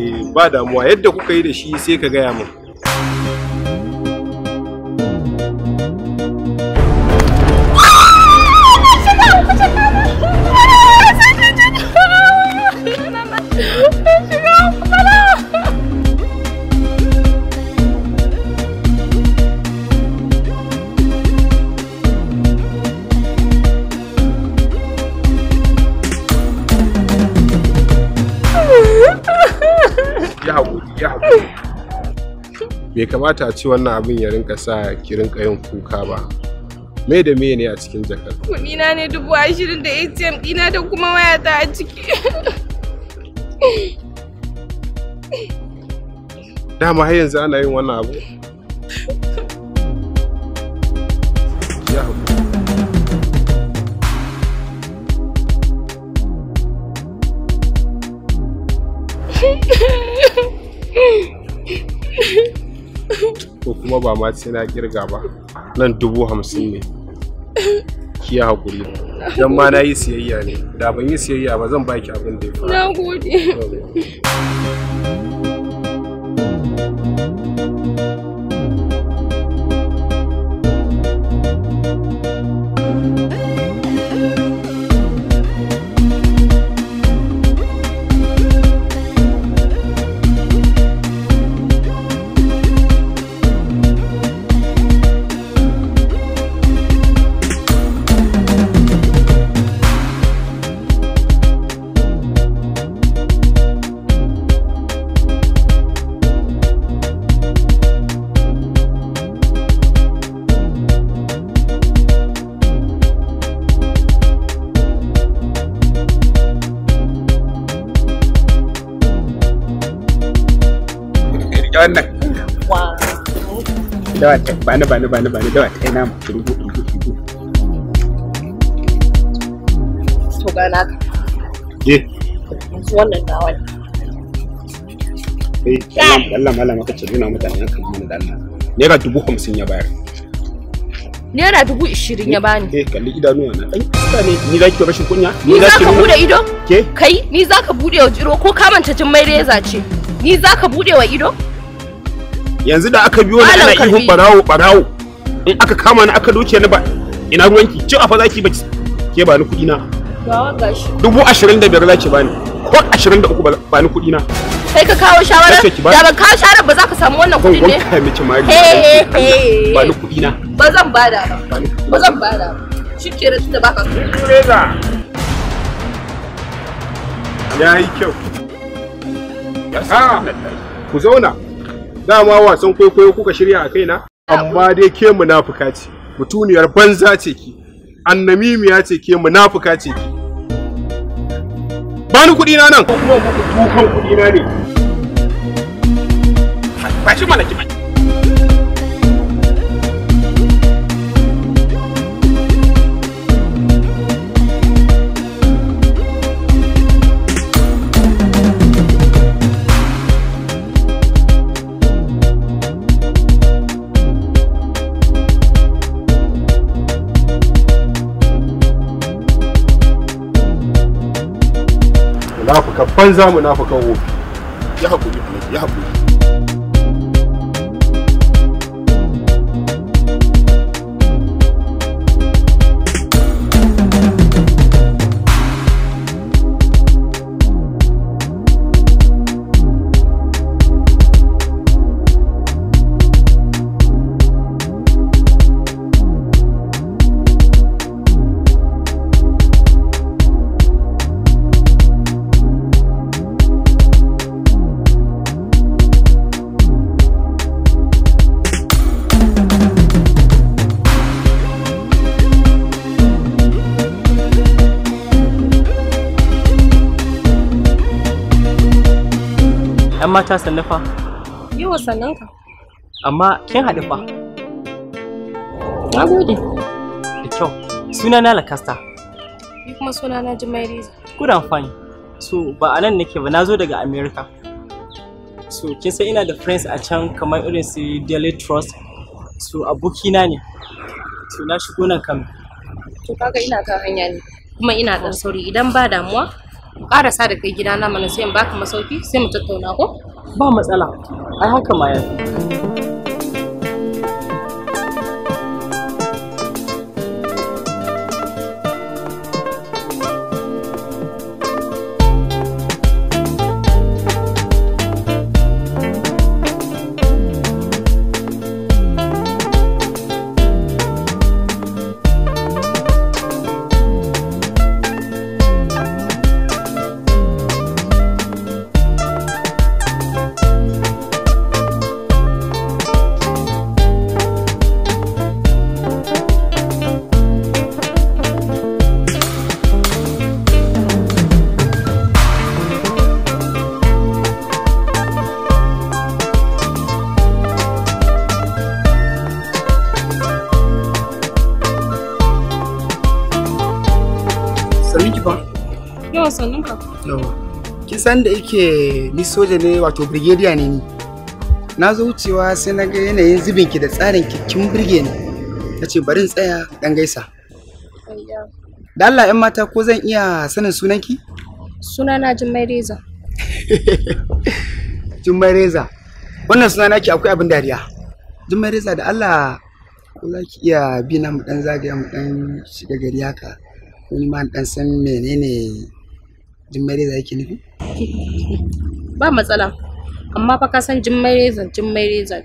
Eh, ba damuwa yadda kuka yi da shi sai ka gaya min bai kamata a ci wannan abin ya rinka sa ki rinka yin kuka ba me da me ne a cikin jakar kudina ne dubu ashirin da atm dina da kuma wayata a ciki dama har yanzu ana yin wannan abu kuma ba ma sai na kirga ba nan dubu hamsin ne ki ya hakuri dan ma na yi siyayya ne da ban yi siyayya ba zan baki abin da ya fara na gode dawa ta bani bani bani bani dawa ta nama rubu rubu rubu to ga na eh yanzu wannan dawa ne eh Allah malama kace nuna mutane hankali mun da Allah naira dubu hamsin ya bayar naira dubu ishirin ya bani. Eh kalli idanuwa na ɗan kuka ne ni za ki rashin kunya. Ni za ka buɗe ido? Ke? Kai ni za ka buɗe wa jiro ko kamanta jin mai reza ce. Ni za ka buɗe wa ido? yanzu da aka biyo ni ana ihun barawo barawo in eh. aka kama ni aka doke ni ba ina ruwanki cin afa zaki ba ke ba ni kuɗi na dubu ashirin da biyar zaki bani ko ashirin da uku ba ni kuɗi na kai ka kawo shawarar da ba kawo shawarar ba za ka samu wannan kuɗi ne ba ni kuɗi na ba zan bada ba ba zan bada shi ke da tunda baka ya yi kyau ah. ku zauna dama wasan kwaikwayo kuka shirya a kaina amma dai ke munafuka ce mutuniyar banza ce ki annamimiya ce ke munafuka ce ki bani kuɗi na nan ko kuma kuɗi na ne ba shi mana ki banza munafukan wofi ya haƙuri ya haƙuri mata sannu fa yiwa sannan ka amma kin haɗu fa na gode da kyau suna na lakasta ni kuma suna na jimairiza good and fine so ba a nan nake ba na zo daga america so kin san ina da friends a can kamar irin su daily trust so abokina ne so na shigo nan kan to kaga ina kan hanya ne kuma ina ɗan sauri idan ba damuwa ƙarasa da kai gida na mana sai in baka masauki sai mu tattauna ko ba matsala ai haka ma ya problem kin san da yake ni soja ne wato brigadier ne ni na zo wucewa sai na ga yanayin zubin ki da tsarin ki kin burge ni nace bari in tsaya dan gaisa da Allah ƴan mata ko zan iya sanin sunan ki na Jummai Reza Jummai Reza wannan suna naki akwai abin dariya Jummai Reza da Allah ko za ki iya bi na mu dan zagaya mu dan shiga gari haka wani ma dan san menene jimmai reza yake nufi ba matsala amma fa ka san jimmai reza jimmai reza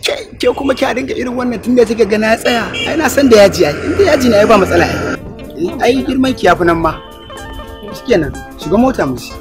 ce ke kuma kya dinga irin wannan tun da kika ga ya tsaya ai na san da yaji ai in da yaji na ai ba matsala ai ai girman ki yafi nan ma shikenan shiga mota mu shi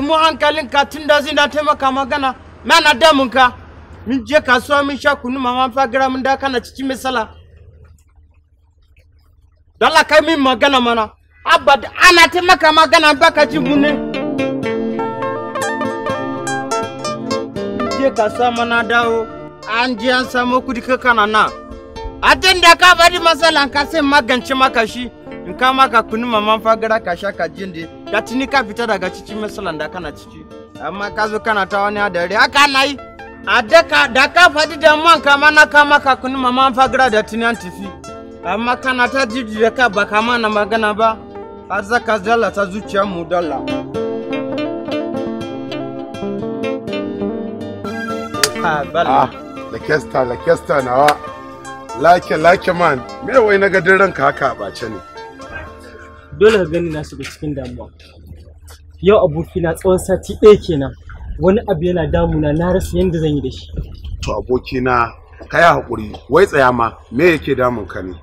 mu ka tun da zai na taimaka magana mana da mun je kasuwa mun sha kunu mama fagira mun da kana cikin misala dala kai min magana mana abad ana taimaka magana ka ji mu ne je kasuwa mana dawo an je an samu kudi kana na a da ka bari masalan ka sai magance maka shi in kama ka kuni maman fagara ka sha ka jin da ka tuni ka fita daga cikin matsalan da kana ciki amma ka zo kana ta wani adare haka na yi a daka da ka faɗi da man kama na kama ka kuni maman fagara da tuni an tafi amma kana ta jiji da ka ba kama na magana ba har zaka zala ta zuciya mu dalla. Ah, lakesta, lakesta nawa, lake, lake man, me wai na gadin ranka haka a bace ne. dole ka gani na shiga cikin damuwa yau abokina tsawon sati ɗaya kenan wani abu yana damuna na rasa yadda zan yi da shi to abokina ka yi haƙuri wai tsaya ma me yake damun ka ne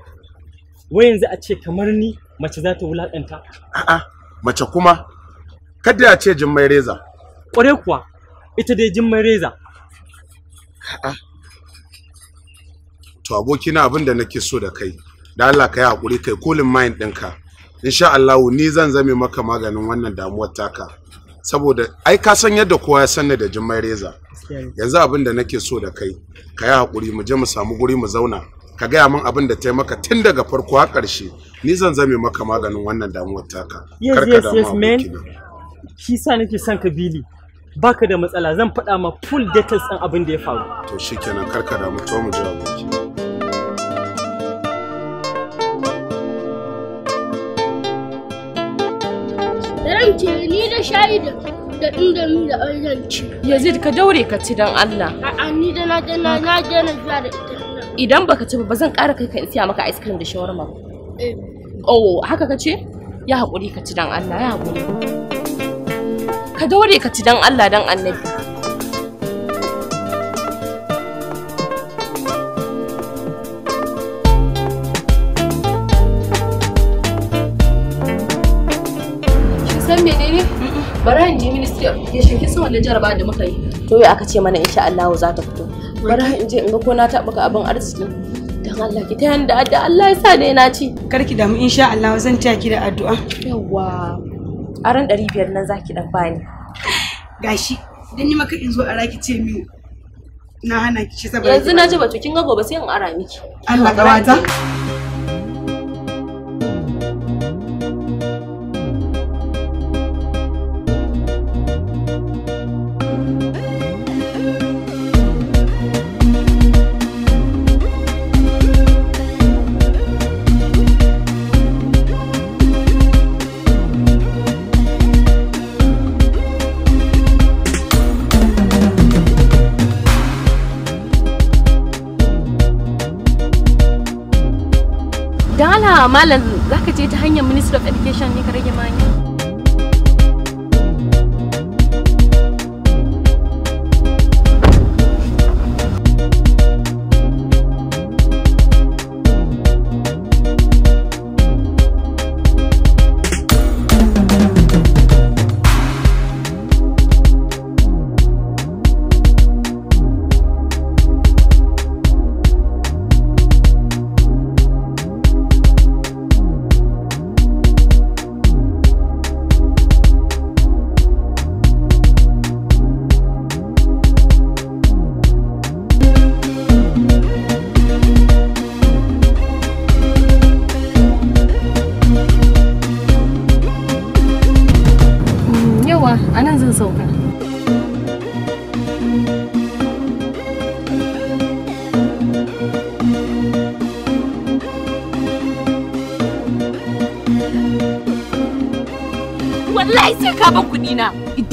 wai yanzu a ce kamar ni mace za ta wulaƙanta a'a mace kuma kada a ce mai reza ƙware kuwa ita dai mai reza a'a to abokina abin da nake so da kai da Allah ka yi haƙuri kai kulin mind ɗinka insha Allah ni zan zame maka maganin wannan damuwar taka saboda ai ka san yadda kowa ya sanni da jimmai reza yanzu abin da nake so da kai ka yi hakuri mu je mu samu guri mu zauna ka gaya min abin da ta maka tun daga farko har ƙarshe ni zan zame maka maganin wannan damuwar taka yes yes yes man shi sa nake son ka bili baka da matsala zan faɗa ma full details ɗin abin da ya faru to shikenan karka da mu to mu ji abokina. ce ni da shayi da da indomi da orange ci. Yazid ka daure ka ci don Allah. A'a ni da na je na na je na zuwa da ita. Idan baka ci ba zan ƙara kai ka in siya maka ice cream da shawarma. Eh. Oh, haka ka ce? Ya haƙuri ka ci don Allah, ya haƙuri. Ka daure ka ci don Allah don annabi. bara in je ministry of education kin wannan jaraba da muka yi to ya aka ce mana insha Allah za ta fito bara in je in ga ko na taɓa ka abin arziki dan Allah ki ta da Allah ya sa dai na ci Kar ki damu insha Allah zan taya ki da addu'a yawa aran 500 nan zaki dan bani gashi dan ni maka in zo ara ki ce min na hana ki shi saboda yanzu na ji to kin ga gobe sai in ara miki Allah gawata malam zaka je ta hanyar ministry of education ne ka rage ma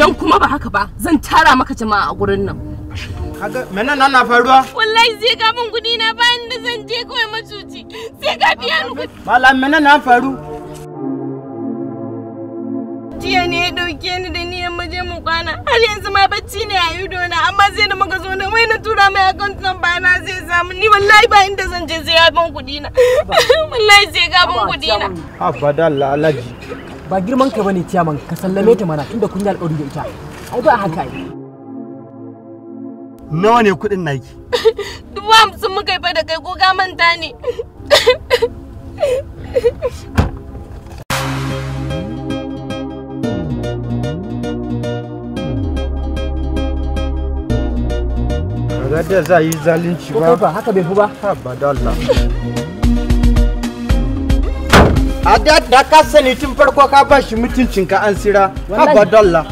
idan kuma ba haka ba zan tara maka jama'a a gurin nan kaga menan nan na faruwa wallahi zai ga min kudi na bayan da zan je kawai macuci sai ga biya ni kudi malam menan na faru jiya ne ya dauke ni da niyan mu je mu kwana har yanzu ma bacci ne a ido na amma zai da muka zo na wai na tura mai account nan ba na zai samu ni wallahi ba inda zan je zai ga ban kudi na wallahi zai ka ban kudi na abada alaji. ba girman ka bane ciyaman ka sallame ta mana tunda kun yi alƙawari da ita ai ba haka ai nawa ne kuɗin naki dubu hamsin muka yi fa da kai ko ka manta ne Ga da za yi zalunci ba. Ko ba haka bai fi ba? Ha ba da Allah. a da da ka sani tun farko ka ba shi mutuncinka an sira ka ba dalla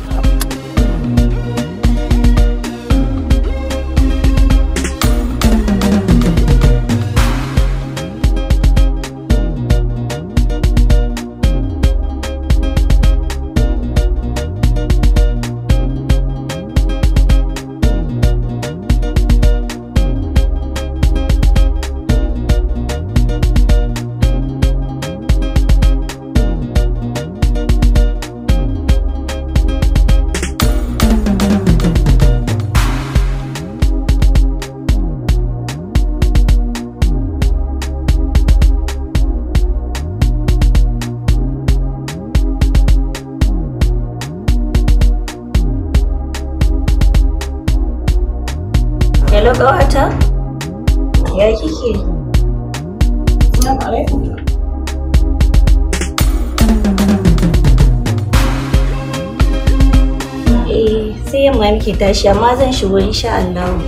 nake tashi amma zan shigo insha Allah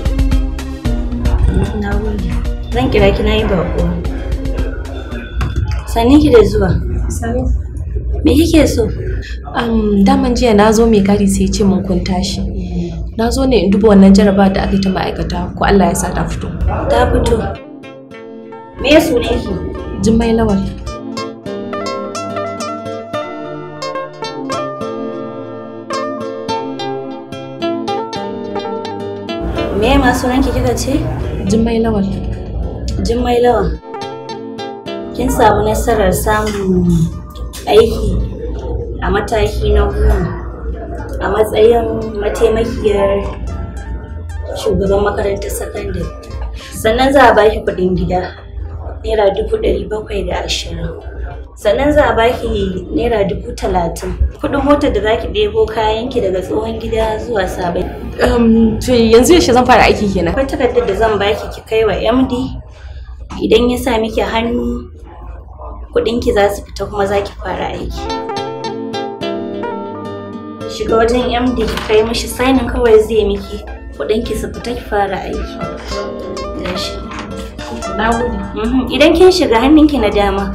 na zan kira ki na yi baƙo sannin ki da zuwa me kike so um, daman jiya na zo mai kari sai ce mun kun tashi na zo ne in duba wannan jaraba da aka yi ta ma'aikata ko Allah ya sa ta fito ta fito me ya sunan ki Jimmai lawal sunanki kika ce? Jummai Lawal. Jummai Lawal. Kin samu nasarar samun aiki a mataki na goma a matsayin mataimakiyar shugaban makarantar sakandare. Sannan za a baki kuɗin gida naira dubu ɗari bakwai da ashirin. Sannan za a baki naira dubu talatin. Kuɗin motar da za ki ɗebo kayanki daga tsohon gida zuwa sabai. to yanzu yaushe zan fara aiki kenan akwai takardar da zan baki ki kai wa md idan ya sa miki hannu ki za su fita kuma za ki fara aiki shiga wajen md ki kai mishi sainin kawai zai miki ki su fita ki fara aiki gashi na mhm, idan kin shiga hannunki na dama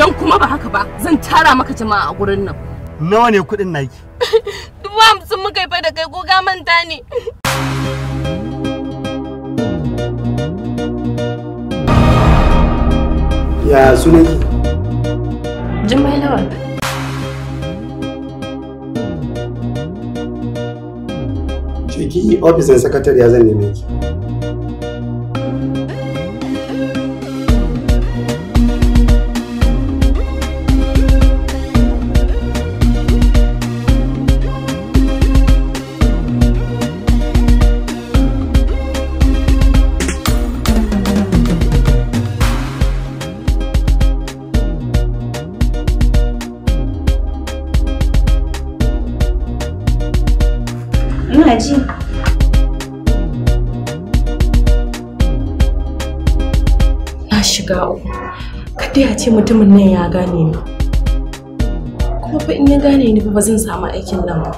Idan kuma ba haka ba zan tara maka jama'a a gurin nan. Nawa ne kuɗin naki? Dubu hamsin muka fa da kai ko ga manta ne. Ya sunan ki? Jummai Ciki ofisin ya zan neme ki. shiga uku kada ya ce mutumin nan ya gane ni kuma fa in ya gane ni ba zan samu aikin nan ba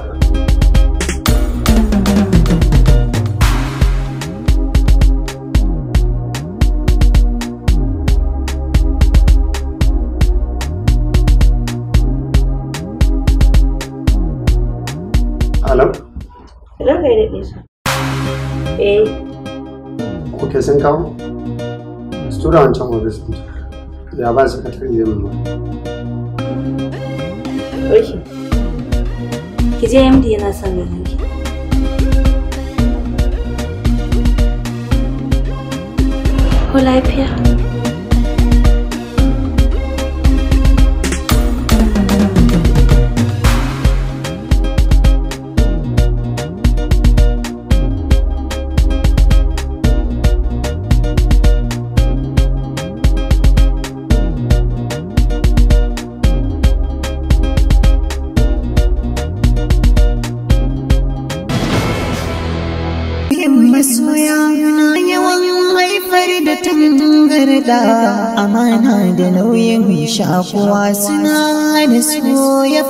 Alam? Ranka Eh. Kuke sun kawo? tura wancan gobe su ya ba su katar da yamma. Ok. Ki je MD yana son ganin ki. Ko lafiya? masoya na yawan haifar da tangarda amana da nauyin shakuwa suna da so ya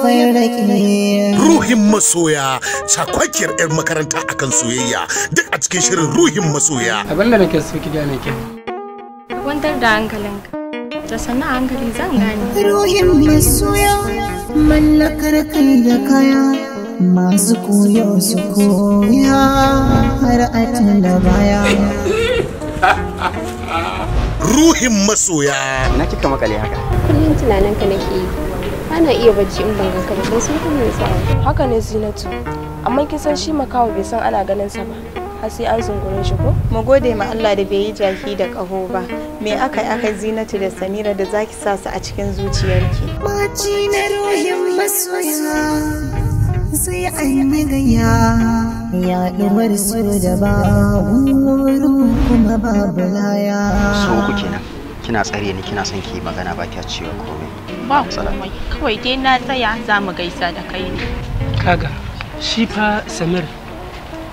ruhin masoya cakwakiyar 'yar makaranta akan soyayya duk a cikin shirin ruhin masoya da nake so ki gane ke kwantar da hankalinka da sannan hankali zan gane ruhin masoya mallakar kai da kaya masu koyo su koya har a da baya ruhin masoya na kika makale haka kullum tunanin ka nake yi ana iya bacci in ban ganka ba sun kuma sa haka ne zinatu amma kin san shi makawo bai san ana ganin sa ba har sai an zungure shi ko mu gode ma Allah da bai yi jaki da kaho ba me aka yi aka zinatu da samira da zaki sa su a cikin zuciyarki maci na ruhin masoya sai an magaya yaɗuwar su da ba wurin kuma ba bulaya. so uku kenan kina tsare ni kina son ki magana ba kya cewa komai ba komai kawai dai na tsaya za mu gaisa da kai ne kaga shi fa samir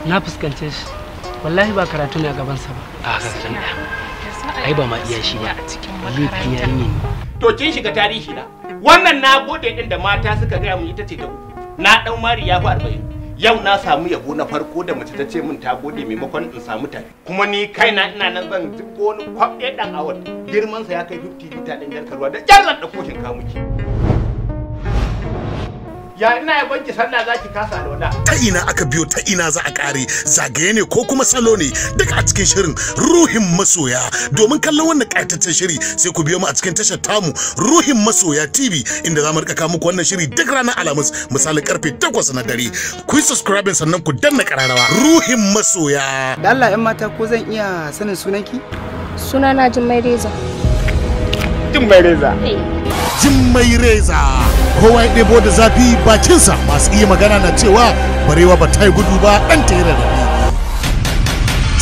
na fuskance shi wallahi ba karatu ne a gabansa ba a gaskiya ai ba ma iya shi ba wallahi fiya ne to kin shiga tarihi na wannan na gode din da mata suka gaya mu ita ce ta ku. na dan mari ya fi arba'in yau na samu yabo na farko da mace ta ce min ta gode maimakon in samu tafi kuma ni kaina ina nan zan jibbo wani kwaɓe dan awar girmansa ya kai 50 lita ɗin jarkarwa da jar da ɗauko shinkafa ya ina ya banki sallah zaki kasa alwala ta ina aka biyo ta ina za a kare zagaye ne ko kuma salo ne duk a cikin shirin ruhin masoya domin kallon wannan ƙayataccen shiri sai ku biyo mu a cikin tashar tamu ruhin masoya tv inda za mu rika muku wannan shiri duk ranar alhamis misali karfe 8 na dare ku subscribe sannan ku danna kararrawa ruhin masoya da Allah yan mata ko zan iya sanin sunanki sunana Jummai Reza Jummai Reza eh. Jummai Reza kowa ya ɗebo da zafi bakinsa masu iya magana na cewa barewa ba ta yi gudu ba ɗan ta yi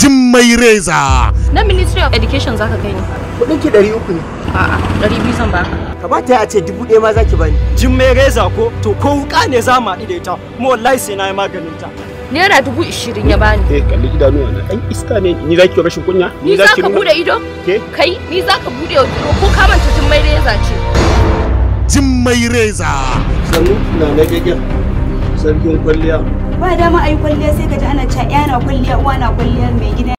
Jin mai reza na ministry of education za ka kai ni kudin ki ɗari uku ne a'a ɗari biyu zan baka kamata a ce dubu ɗaya ma zaki bani mai reza ko to ko wuka ne za ma haɗu da ita kuma wallahi sai na yi maganin ta naira dubu ishirin ya bani. Eh kalli idanu yana ɗan iska ne ni za ki rashin kunya. Ni za ka bude ido? Ke? Kai ni za ka bude ido ko kamanta jin mai reza ce. jin mai reza sannu na na gyagyar sarkin kwalliya ba dama a yi kwalliya sai ka ji ana ya na kwalliya uwa na kwalliya mai gida